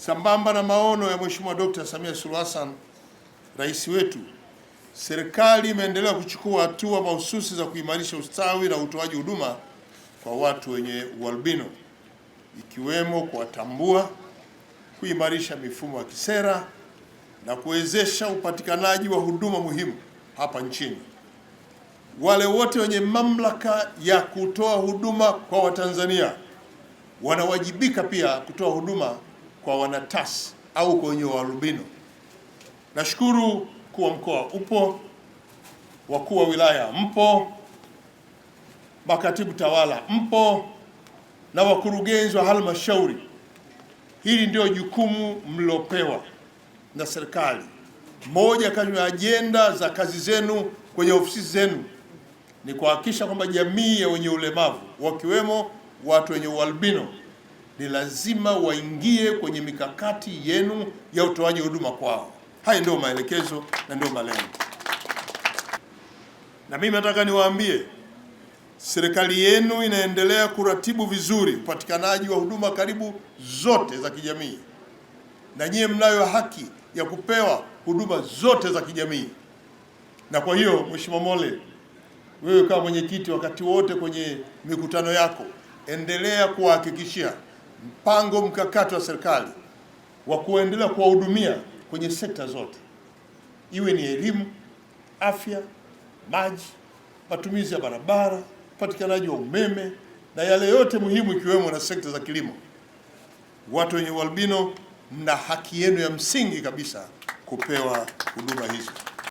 Sambamba na maono ya Mheshimiwa Dkt. Samia Suluhu Hassan, rais wetu, serikali imeendelea kuchukua hatua mahususi za kuimarisha ustawi na utoaji huduma kwa watu wenye ualbino ikiwemo kuwatambua, kuimarisha mifumo ya kisera na kuwezesha upatikanaji wa huduma muhimu hapa nchini. Wale wote wenye mamlaka ya kutoa huduma kwa Watanzania wanawajibika pia kutoa huduma kwa wanatas au kwenye warubino. Nashukuru kuwa mkoa upo, wakuu wa wilaya mpo, makatibu tawala mpo na wakurugenzi wa halmashauri. Hili ndio jukumu mlopewa na serikali. Moja kati ya ajenda za kazi zenu kwenye ofisi zenu ni kuhakikisha kwamba jamii ya wenye ulemavu wakiwemo watu wenye ualbino ni lazima waingie kwenye mikakati yenu ya utoaji huduma kwao. Haya ndio maelekezo na ndio malengo, na mimi nataka niwaambie serikali yenu inaendelea kuratibu vizuri upatikanaji wa huduma karibu zote za kijamii, na nyiye mnayo haki ya kupewa huduma zote za kijamii. Na kwa hiyo, Mheshimiwa Mole, wewe kama mwenyekiti, wakati wote kwenye mikutano yako endelea kuwahakikishia mpango mkakati wa serikali wa kuendelea kuwahudumia kwenye sekta zote, iwe ni elimu, afya, maji, matumizi ya barabara, upatikanaji wa umeme na yale yote muhimu, ikiwemo na sekta za kilimo. Watu wenye ualbino mna haki yenu ya msingi kabisa kupewa huduma hizo.